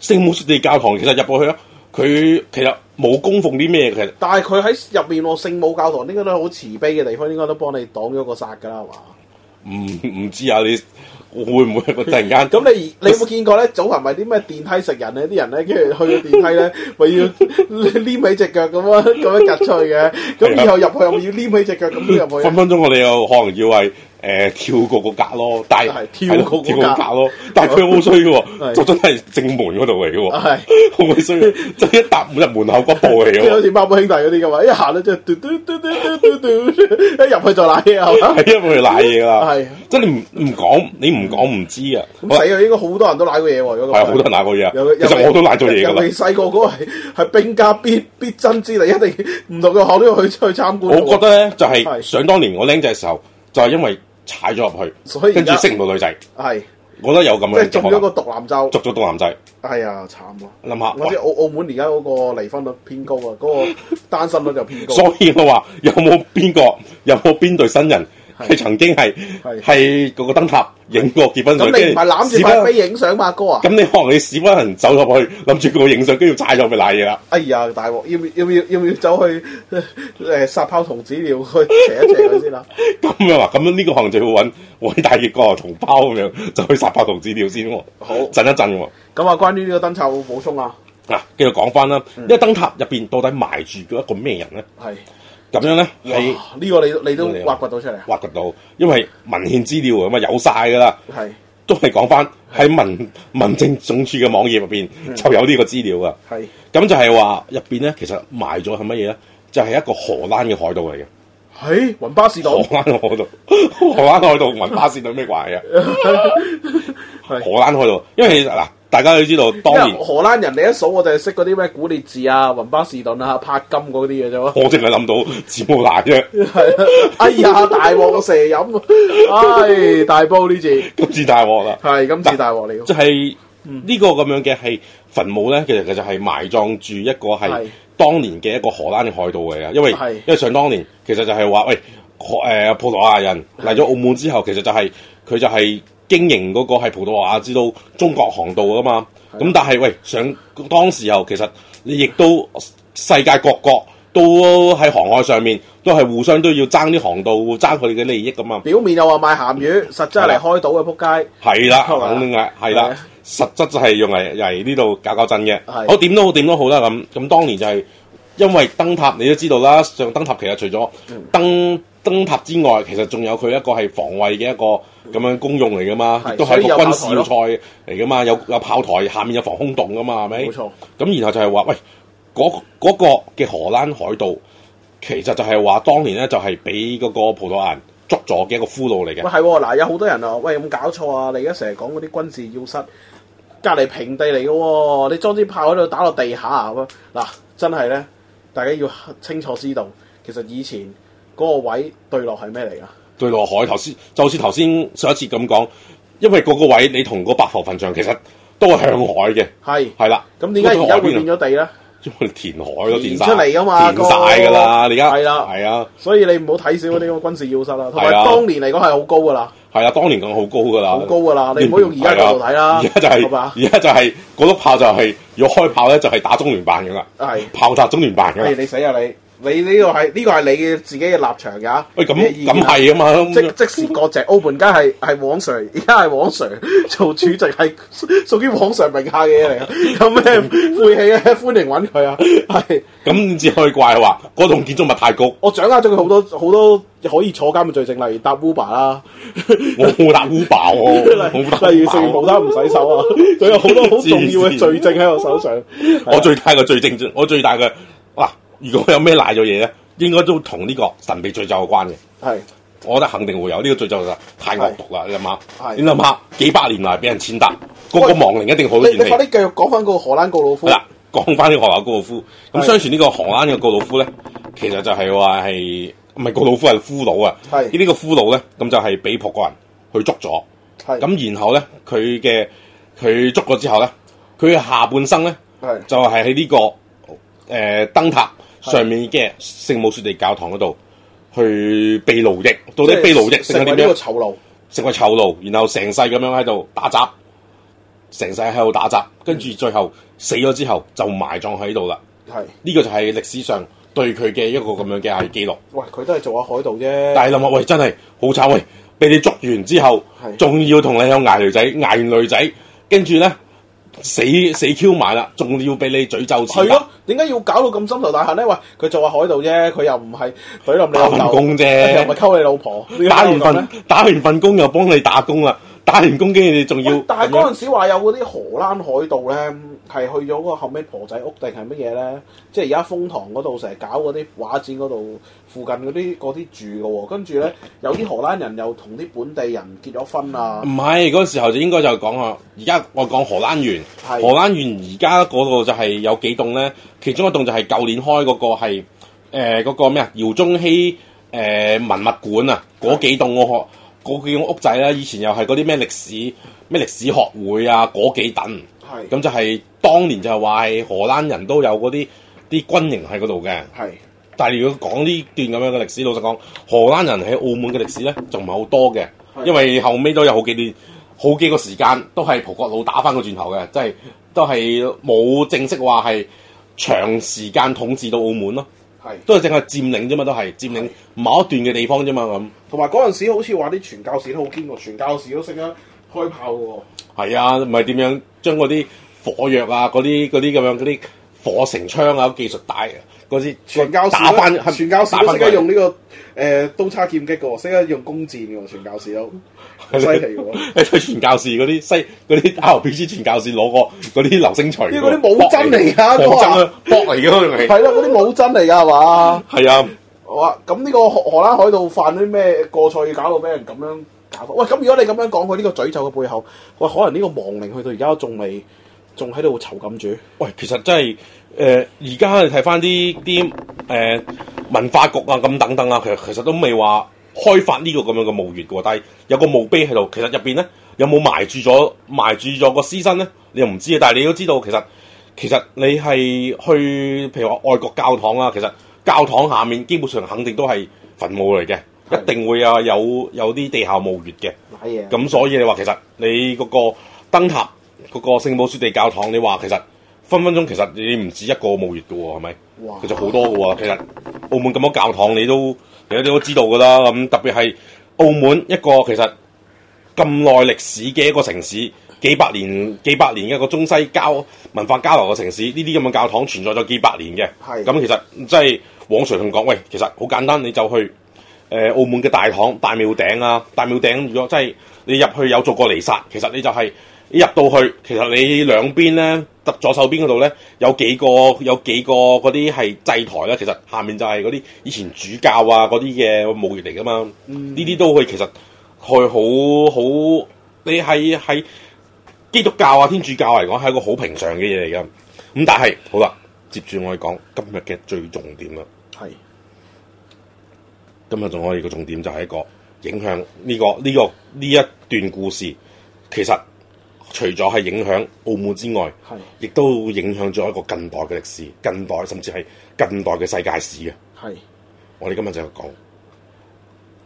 聖母雪地教堂其實入過去啦，佢其實冇供奉啲咩嘅。但係佢喺入面，喎，聖母教堂應該都好慈悲嘅地方，應該都幫你擋咗個殺噶啦，係嘛？唔唔知啊，你。會唔會突然間、 嗯？咁你你有冇見過咧？組合咪啲咩電梯食人咧？啲人咧跟住去咗電梯咧，咪 要黏起隻腳咁樣咁樣入去嘅。咁 以後入去又咪要黏起隻腳咁入去。 分分鐘我哋又可能要係。誒、呃、跳過個格咯，但係跳過個格咯，但係佢好衰嘅喎，就真係正門嗰度嚟嘅喎，好鬼衰，即係 一踏入門口嗰步嚟嘅，好似孖寶兄弟嗰啲咁嘛，一行咧，真係嘟嘟嘟嘟嘟嘟，一入去就攋嘢係因一入去攋嘢啦，係真係唔唔講，你唔講唔知啊，唔係啊，那個、應該好多人都攋過嘢喎，有好多攋過嘢，其實我都攋咗嘢㗎啦，尤其細個嗰個係兵家必必爭之地，一定唔落個校都要去去參觀。我覺得咧就係、是、想當年我僆仔嘅時候，就係、是、因為。踩咗入去，跟住識唔到女仔，係，我覺得有咁嘅情況，即係捉咗個獨男逐逐男仔，捉咗獨男仔，係啊，慘啊，諗下，我知澳澳門而家嗰個離婚率偏高啊，嗰 個單身率就偏高，所以我話有冇邊個， 有冇邊對新人？佢曾經係係嗰個燈塔影過結婚，咁你唔係攬住粉影相嗎哥啊？咁你可能你屎忽人走入去諗住個影相，都要踩咗咪瀨嘢啦？哎呀大鑊！要要唔要要唔要，要走去誒殺炮童子尿去瀉一瀉佢先啦，啊？咁 樣啊？咁樣呢個可能就要搵搵大杰哥同胞咁樣，就去殺炮童子尿先，啊。好震一震。咁啊？關於呢個燈塔，有冇補充啊。嗱，啊，繼續講翻啦。呢，嗯這個燈塔入邊到底埋住嘅一個咩人咧？係。咁樣咧、啊，你呢、這個你你都挖掘到出嚟，挖掘到，因為文獻資料啊有晒噶啦，係，都係講翻喺文民政總署嘅網頁入邊就有呢個資料噶，係，咁就係話入邊咧，其實埋咗係乜嘢咧？就係、是、一個荷蘭嘅海盜嚟嘅，喺雲巴士島荷， 荷蘭海盜，荷蘭海盜雲巴士島咩怪係啊？係 荷蘭海盜因為其實嗱。大家都知道，當年荷蘭人你一數，我就係識嗰啲咩古烈治啊、雲巴士頓啊、柏金嗰啲嘢啫。我淨係諗到字好難啫。係啊！哎呀，大鑊蛇飲，係、 哎、大煲呢字，今次大鑊啦。係今次大鑊嚟。就係、是、呢個咁樣嘅係墳墓咧，其實其實係埋葬住一個係當年嘅一個荷蘭嘅海盜嘅啊。因為因為想當年其實就係話喂，誒、呃、葡萄牙人嚟咗澳門之後，其實就係、是、佢就係、是。經營嗰個係葡萄牙知道中國航道㗎嘛，咁但係喂上當時候其實你亦都世界各國都喺航海上面都係互相都要爭啲航道，爭佢哋嘅利益㗎嘛。表面又話賣鹹魚，實質係嚟開島嘅撲街。係啦，係啦，實質就係用嚟嚟呢度搞搞震嘅。好點都好點都好啦，咁，咁當年就係、是、因為燈塔你都知道啦，上燈塔其實除咗燈、嗯、燈塔之外，其實仲有佢一個係防衛嘅一個。咁樣公用嚟噶嘛，都係個軍事要塞嚟噶嘛，有有炮台，下面有防空洞噶嘛，係咪？冇錯。咁然後就係話，喂，嗰、嗰個嘅、嗰個、荷蘭海盜，其實就係話，當年咧就係俾嗰個葡萄牙人捉咗嘅一個俘虜嚟嘅。係，嗱，有好多人啊，喂，有冇搞錯啊！你而家成日講嗰啲軍事要塞，隔離平地嚟嘅喎，你裝支炮喺度打落地下啊！嗱、啊，真係咧，大家要清楚知道，其實以前嗰個位對落係咩嚟㗎？對落海，頭先就好似頭先上一次咁講，因為嗰個位你同個白頭墳場其實都係向海嘅。係係啦，咁點解而家會變咗地咧？因為填海都填晒出嚟噶嘛，填晒噶啦，而家係啦，係啊，所以你唔好睇少嗰啲咁嘅軍事要塞啦，同埋當年嚟講係好高噶啦，係啦，當年咁好高噶啦，好高噶啦，你唔好用而家角度睇啦，而家就係而家就係嗰碌炮就係、是、要開炮咧，就係打中聯辦噶啦，係炮炸中聯辦噶，你死啊你！你呢個係呢個係你嘅自己嘅立場噶、啊，喂咁咁係啊嘛，即即時割席，澳門街係係黃 Sir，而家係黃 Sir 做主席，係屬於黃 Sir 名下嘅嘢嚟啊！咁 咩什麼 晦氣啊？歡迎揾佢啊！係咁至可以怪話嗰棟建築物太高，我掌握咗佢好多好多可以坐監嘅罪證，例如搭 Uber 啦 ，我冇搭 Uber 喎，搭 Uber，例如食完布丁唔洗手啊，仲有好多好重要嘅罪證喺我手上，啊、我最大嘅罪證，我最大嘅。如果有咩賴咗嘢咧，應該都同呢個神秘詛咒有關嘅。係，我覺得肯定會有呢、呢個詛咒就太惡毒啦！你諗下，你諗下幾百年來俾人踐踏，個個亡靈一定好。你你快啲繼續講翻個荷蘭告老夫啦，講翻呢荷蘭告老夫。咁相傳呢個荷蘭嘅告老夫咧，其實就係話係唔係告老夫係俘虜啊？係呢個俘虜咧，咁就係俾葡國人去捉咗。係咁，然後咧佢嘅佢捉咗之後咧，佢下半生咧就係喺呢個誒、呃、燈塔上面嘅聖母雪地教堂嗰度去被奴役，到底被奴役成點樣？成為丑奴，成為丑奴，然後成世咁樣喺度打雜，成世喺度打雜，跟住最後死咗之後就埋葬喺度啦。係呢個就係歷史上對佢嘅一個咁樣嘅係記錄。喂，佢都係做下海盜啫。但係諗下，喂，真係好慘喂，被你捉完之後，仲要同你有挨女仔，挨完女仔，跟住咧。死死 Q 埋啦，仲要俾你咀咒死佢？係咯？點解要搞到咁深仇大恨咧？喂，佢做下海盜啫，佢又唔係佢冧你頭，打份工啫，又溝你老婆？你打完份打完份工又幫你打工啦。打完攻擊你仲要？但係嗰陣時話有嗰啲荷蘭海盜呢，係去咗個後尾婆仔屋定係乜嘢呢？即係而家風塘嗰度成日搞嗰啲畫展嗰度附近嗰啲嗰啲住噶喎，跟住呢，有啲荷蘭人又同啲本地人結咗婚啊。唔係嗰個時候就應該就係講啊！而家我講荷蘭園，荷蘭園而家嗰度就係有幾棟呢，其中一棟就係舊年開嗰個係嗰、呃嗰個咩啊？姚中熙、呃、文物館啊，嗰幾棟我嗰幾棟屋仔咧，以前又係嗰啲咩歷史咩歷史學會啊，嗰幾等，咁就係當年就係話係荷蘭人都有嗰啲啲軍營喺嗰度嘅。但係如果講呢段咁樣嘅歷史，老實講，荷蘭人喺澳門嘅歷史咧，仲唔係好多嘅，因為後尾都有好幾年，好幾個時間都係葡國佬打翻個轉頭嘅，即係都係冇正式話係長時間統治到澳門咯，都係凈係佔領啫嘛，都係佔領某一段嘅地方啫嘛咁。同埋嗰陣時，好似話啲傳教士都好堅喎，傳教士都識得開炮喎、哦。係啊，唔係點樣將嗰啲火藥啊，嗰啲啲咁樣嗰啲火繩槍啊，技術帶嗰啲。傳教士打翻，傳教士識得用呢、這個誒、呃、刀叉劍擊嘅喎，識得用弓箭嘅喎，傳教士都犀利嘅喎。你傳教士嗰啲西嗰啲 RPG 傳教士攞個嗰啲流星錘的。因為嗰啲冇針嚟㗎，搏嚟嘅佢啦，嗰啲冇針嚟㗎係嘛？係啊。哇！咁呢個荷荷蘭海盜犯咗啲咩過錯，搞到俾人咁樣搞？喂！咁如果你咁樣講，佢呢個詛咒嘅背後，喂，可能呢個亡靈去到而家仲未，仲喺度囚禁住？喂，其實真係誒，而家睇翻啲啲誒文化局啊，咁等等啊，其實其實都未話開發呢個咁樣嘅墓穴喎，但係有個墓碑喺度，其實入面咧有冇埋住咗埋住咗個屍身咧？你又唔知啊！但係你都知道，其實其實你係去，譬如話外國教堂啊，其實。教堂下面基本上肯定都係墳墓嚟嘅，一定會啊，有有啲地下墓穴嘅。係啊。咁所以你話其實你嗰個燈塔嗰個聖母雪地教堂，你話其實分分鐘其實你唔止一個墓穴嘅喎，係咪？哇！其實好多㗎喎，其實澳門咁多教堂，你都你都知道㗎啦。咁特別係澳門一個其實咁耐歷史嘅一個城市，幾百年幾百年一個中西交文化交流嘅城市，呢啲咁嘅教堂存在咗幾百年嘅。係。咁其實即係。往誰同講？喂，其實好簡單，你就去、呃、澳門嘅大堂大廟頂啊！大廟頂如果真係你入去有做過彌撒，其實你就係入到去，其實你兩邊咧，得左手邊嗰度咧，有幾個有幾個嗰啲係祭台啦。其實下面就係嗰啲以前主教啊嗰啲嘅墓穴嚟噶嘛。呢、嗯、啲都可以其實去好好，你係喺基督教啊天主教嚟講係一個好平常嘅嘢嚟噶。咁但係好啦，接住我哋講今日嘅最重點啦。今日仲可以個重點就係一個影響呢、這個呢、這個呢一段故事，其實除咗係影響澳門之外，係亦都影響咗一個近代嘅歷史，近代甚至係近代嘅世界史嘅。係，我哋今日就要講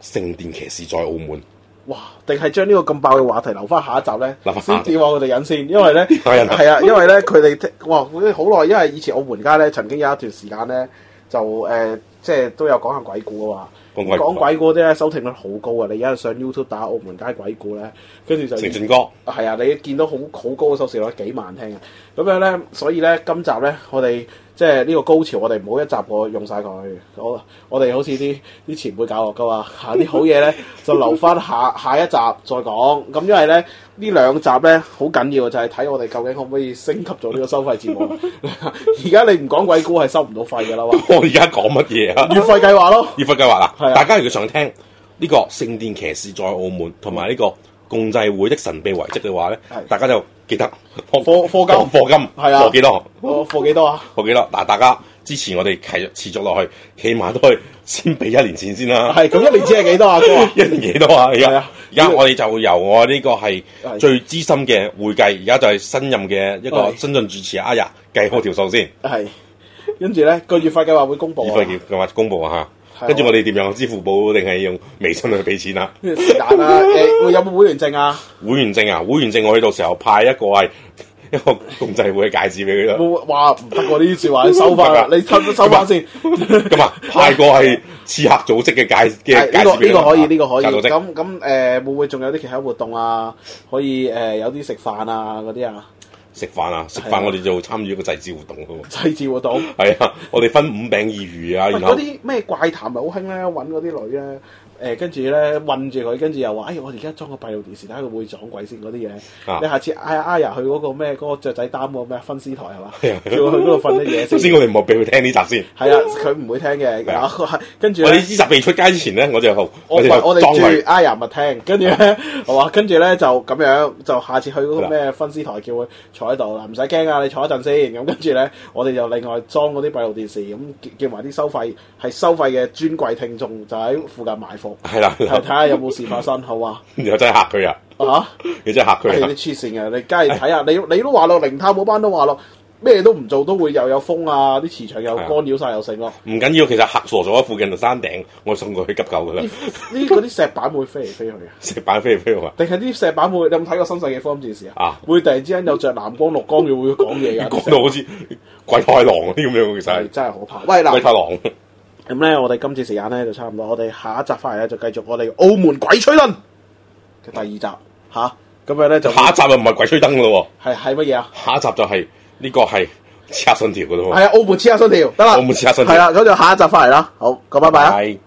聖殿騎士在澳門。哇！定係將呢個咁爆嘅話題留翻下一集咧，先電話佢哋引先，因為咧係 啊，因為咧佢哋哇好耐，因為以前澳門家咧曾經有一段時間咧就誒、呃，即係都有講下鬼故啊嘛。講鬼故啲咧收聽率好高啊！你而家上 YouTube 打澳門街鬼故咧，跟住就成全哥，係啊！你一見到好好高嘅收視率，幾萬聽啊！咁樣咧，所以咧今集咧我哋。即係呢個高潮，我哋唔好一集我用晒佢。我我哋好似啲啲前輩教我噶嘛，下啲好嘢咧就留翻下下一集再講。咁因為咧呢兩集咧好緊要，就係睇我哋究竟可唔可以升級咗呢個收費節目。而家你唔講鬼故係收唔到費㗎啦喎！我而家講乜嘢啊？月費計劃咯，月費計劃啊！係啊，大家如果想聽呢個《聖殿騎士在澳門》同埋呢個《共濟會的神秘遺跡》嘅話咧，大家就。記得課課課金課金係啊，課幾多？課幾多啊？課幾多？嗱，大家支持我哋持續落去，起碼都可以先俾一年錢先啦。係，咁一年錢係幾多啊？哥，一年幾多啊？而家而家我哋就由我呢個係最資深嘅會計，而家就係新任嘅一個新晉主持阿爺，啊，計好條數先。係，跟住咧個月費計劃會公佈。月計劃公布啊吓！跟住我哋點樣？支付寶定係用微信去俾錢啊？得 啦、欸，誒，有冇會員證啊？會員證啊，會員證我去到時候派一個係一個共濟會嘅戒指俾佢。啦。冇、啊、話唔得過呢啲說話收翻，你收 你收翻先。咁啊，派個係刺客組織嘅戒嘅戒指畀你。 呢、這個呢可以，呢、這個可以。咁咁誒，會唔會仲有啲其他活動啊？可以、呃、有啲食飯啊嗰啲啊？食飯啊！食飯我哋就參與一個祭祀活動㗎喎，祭祀活動係啊！我哋分五餅二魚啊， 然後嗰啲咩怪談咪好興咧，搵嗰啲女咧。誒跟住咧韞住佢，跟住跟又話：哎呀，我而家裝個閉路電視，睇下佢會撞鬼先嗰啲嘢。你下次嗌挨入去嗰個咩？嗰、嗰個雀仔擔個咩？分屍台係嘛？ 叫佢去嗰度瞓啲嘢。首先我哋唔好俾佢聽呢集先。係 啊，佢唔會聽嘅、 啊。跟住我哋呢集未出街之前咧，我就好我唔係我哋裝佢挨入密聽。跟住咧，係 嘛？ 跟住咧就咁樣，就下次去嗰個咩分屍台叫佢坐喺度啦，唔使驚啊！你坐一陣先。咁、嗯、跟住咧，我哋就另外裝嗰啲閉路電視，咁、嗯、叫埋啲收費係收費嘅專櫃聽眾，就喺附近埋伏。係啦，睇下有冇事發生，好嘛？你真係嚇佢啊！啊，你真係嚇佢！你黐線嘅，你梗係睇下，你你都話咯，靈探嗰班都話咯，咩都唔做都會又有風啊，啲磁場又干擾晒又成咯、啊。唔緊要，其實嚇傻咗喺附近度山頂，我送過去急救佢啦。呢啲石板會飛嚟飛去啊？石板飛嚟飛去啊？定係啲石板會？你有冇睇過《新世紀福音戰士》啊？啊，會突然之間有著藍光、綠光嘅會講嘢嘅。講到好似鬼太郎啲咁樣，其實真係可怕。喂，鬼太郎！咁、嗯、咧，我哋今次時間咧就差唔多，我哋下一集翻嚟咧就繼續我哋澳門鬼吹燈嘅第二集吓，咁樣咧就下一集就唔係鬼吹燈咯，係係乜嘢啊？下一集就係、是、呢、這個係刺客信條嘅咯，係啊，澳門刺客信條得啦，澳門刺客信條係啦，咁、啊、就下一集翻嚟啦，好，咁拜拜啊！拜拜